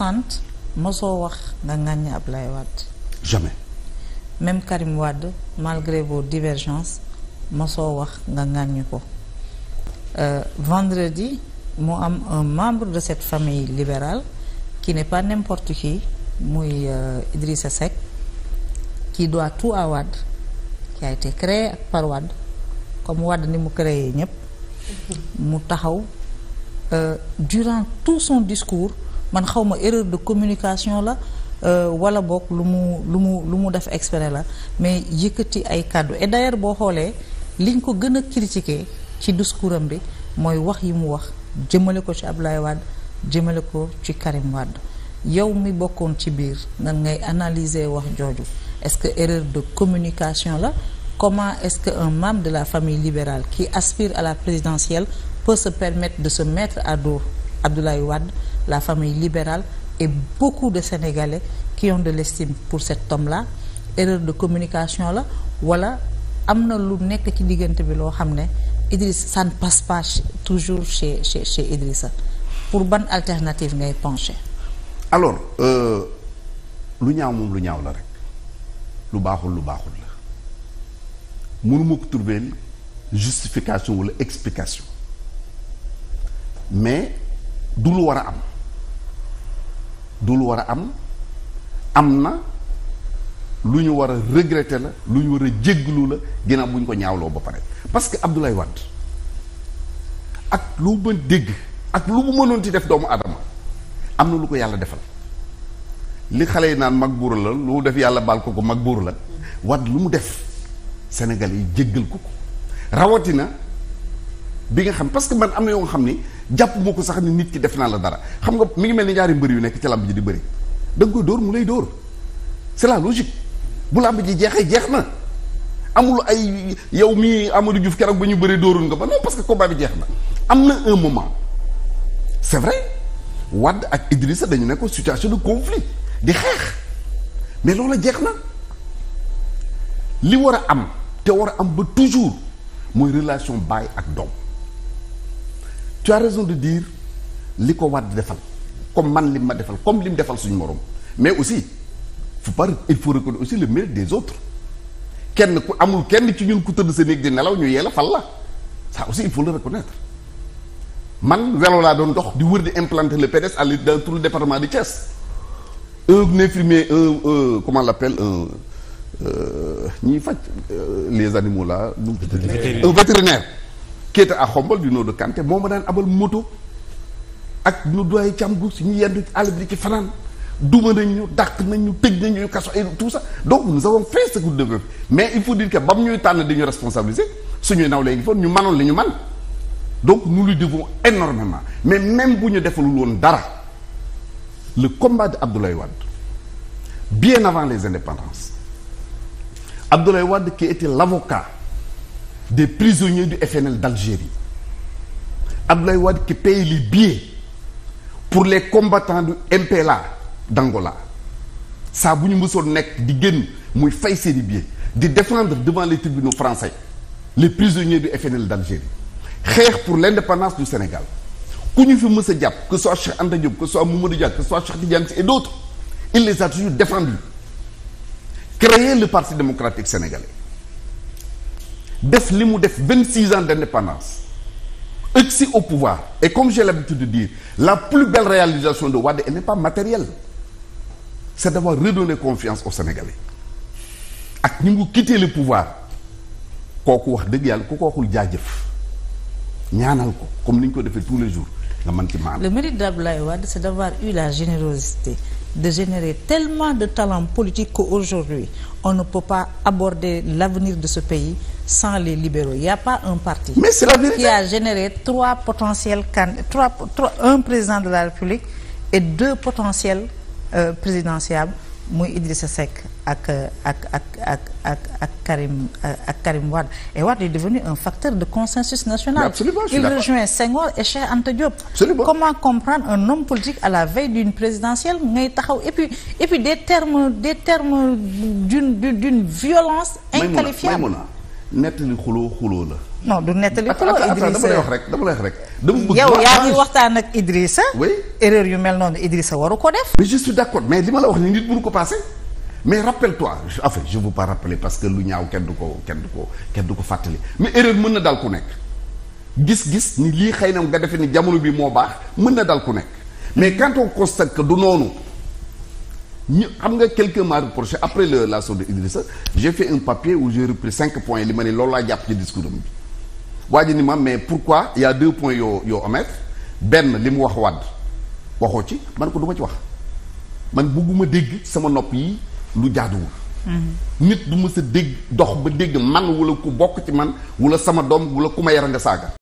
sant mosoo wax nga ŋàññ Ablaye Wade. jamais. même Karim Wade malgré vos divergences mosoo wax nga ŋàññ ko. Euh, vendredi mu am un membre de cette famille libérale qui ne pas n'importe qui muy euh, Idrissa Seck qui doit tout à Wade qui a été créé par Wade comme Wade ni mu créé ñëpp mu taxaw euh, durant tout son discours. man xaw ma erreur de communication la euh, wala boog lu mu lu mu lu mu def exprès la mais yëkkati ay kàddu et d'ailleurs boo xoolee liñ ko gën a critiquer ci discours am bi mooy wax yi mu wax jëmale ko ci Abdoulaye Wade jëmale ko ci Karim Wade yow mi bokkoon ci biir nan ngay analyser wax jooju est-ce que erreur de communication la comment est-ce que un membre de la famille libérale qui aspire à la présidentielle peut se permettre de se mettre à dos Abdoulaye Wade la famille libérale et beaucoup de Sénégalais qui ont de l'estime pour cet homme-là erreur de communication la wala am na lu nekk ci diggante bi loo xam ne Idriss ça ne passe toujours chez chez chez Idrissa pour ban alternative ngay pencher. alors euh, lu ñaaw moom lu ñaaw la rek lu baaxul lu baaxul la mënuma ko trouver justification wala explication mais du lu war a am. du lu war a am am na lu ñu war a regretter la lu ñu war a jégglu la ginnaaw bu ñu ko ñaawloo ba pare parce que Abdoulaye Wade ak lu mën dégg ak lu mu mënoon def doomu adama am na lu ko yàlla defal li xale yi naan mag buur la lu def yàlla baal ko ko mag buur la Wade lu mu def Sénégal yi jéggal ko ko rawatina bi nga xam parce que man am na yoo nga xam ni jàpp moo ko sax ni nit ki def naa la dara xam nga mi ngi mel ni ñaari mbër yu nekk ci làmb ji di bëri da nga koy dóor mu lay dóor c'est la logique bu làmb ji jeexee jeex na amul ay yow mii Amadou Diouf keroog ba ñu bëree dóorul nga ba non parce que combat bi jeex na am na un moment c'est vrai Wade ak Idrissa dañu nekkoon situation de conflit di xeex mais loola jeex na li war a am te war a am ba toujours mooy relation baay ak doom tu as raison de dire li ko Wade defal comme man lim ma defal comme lim defal suñu morom mais aussi faut pas il faut reconnaître aussi le mérite des autres kenn ku amul kenn ci ñun ku tëdd sa néeg di nelaw ñu yeela fal la ça aussi il faut le reconnaître man welo laa doon dox di wër di implanter le PDS à dans tout le département de Thiès un infirmier un comment l'appelle euh, euh, les animaux là un vétérinaire qui était à Xombol du nom de Kanté moo ma daan abal moto ak ñu doy càmbu si ñu yendu ci àll bi ci fanaan duma nañ ñu dàq nañ ñu tëj nañ ñu kaso ay tout ça donc nous avons que nous devons mais il faut dire que bam ñuy tànn di ñu responsabiliser suñuy naw léegi foon ñu manoon li ñu man donc nous lui devons énormément mais même bu ñu deful woon dara le combat de Abdoulaye Wade bien avant les indépendances Abdoulaye Wade qui était l'avocat des prisonniers du FNL d'Algérie. Abdoulaye Wade qui paye les billets pour les combattants du MPLA d'Angola saa bu ñu mësoon nekk di génn muy fay seeni billets di défendre devant les tribunaux français les prisonniers du FNL d'Algérie xeex pour l'indépendance du Sénégal ku ñu fi mës jàpp que soit Cheikh Anta Diop que soit Mamadou Dia que soit Cheikh Tidiane Sy et d'autres il les a toujours défendus créer le Parti démocratique sénégalais def li mu def vingt six ans d'indépendance agsi au pouvoir et comme j'ai l'habitude de dire la plus belle réalisation de Wade elle n'est pas matérielle c'est d'avoir redonné confiance aux Sénégalais ak ñi mu quitté le pouvoir kooku wax dëgg yàlla ku ko waxul jaajëf ñaanal ko comme ni ñu ko defee tous les jours nga mën ci maanaam. le mérite d'Abdoulaye Wade c'est d'avoir eu la générosité de générer tellement de talent politique qu'aujourd'hui on ne peut pas aborder l'avenir de ce pays sans les libéraux il y a pas un parti. mais c'est la vérité qui a généré trois potentiels can un président de la République et deux potentiels euh, présidentiables muy Idrissa Seck ak ak ak ak ak ak Karim ak Karim Wade et Wade est devenu un facteur de consensus national. il rejoint Senghor et Cheikh Anta Diop. comment comprendre un homme politique à la veille d'une présidentielle ngay taxaw et puis et puis des termes des termes d'une d'une violence inqualifiable. nettali xuloo xuloo la. non du nettali xuloo Idrissa rek dama lay rek. dama bëgg yow yaa ngi waxtaan ak Idrissa. erreur yu mel noonu Idrissa waru ko def. mais je mais li ma la wax ni nit mënu ko passé mais rappelle-toi en je veux pas rappeler parce que lu ñaaw kenn du ko kenn du ko kenn du ko fàttali mais erreur mën na dal ku nekk gis-gis ni lii xëy na nga defee ni jamono bi moo baax mën na dal ku nekk mais quand on que du noonu. ñu xam nga quelqu'un m'a reproché après le la sortie de Idrissa j'ai fait un papier où j'ai repris cinq points li ma ne loolu laa jàpp ci discours am bi waa ni ma mais pourquoi il y a deux points yoo yoo omettre benn li mu wax Wade waxoo ci man ko du ci wax man bëgguma dégg sama nopp yi lu jaaduwul mhm. nit du ma sa dégg dox ba dégg man wala ku bokk ci man wala sama doom wala ku ma yara nga saaga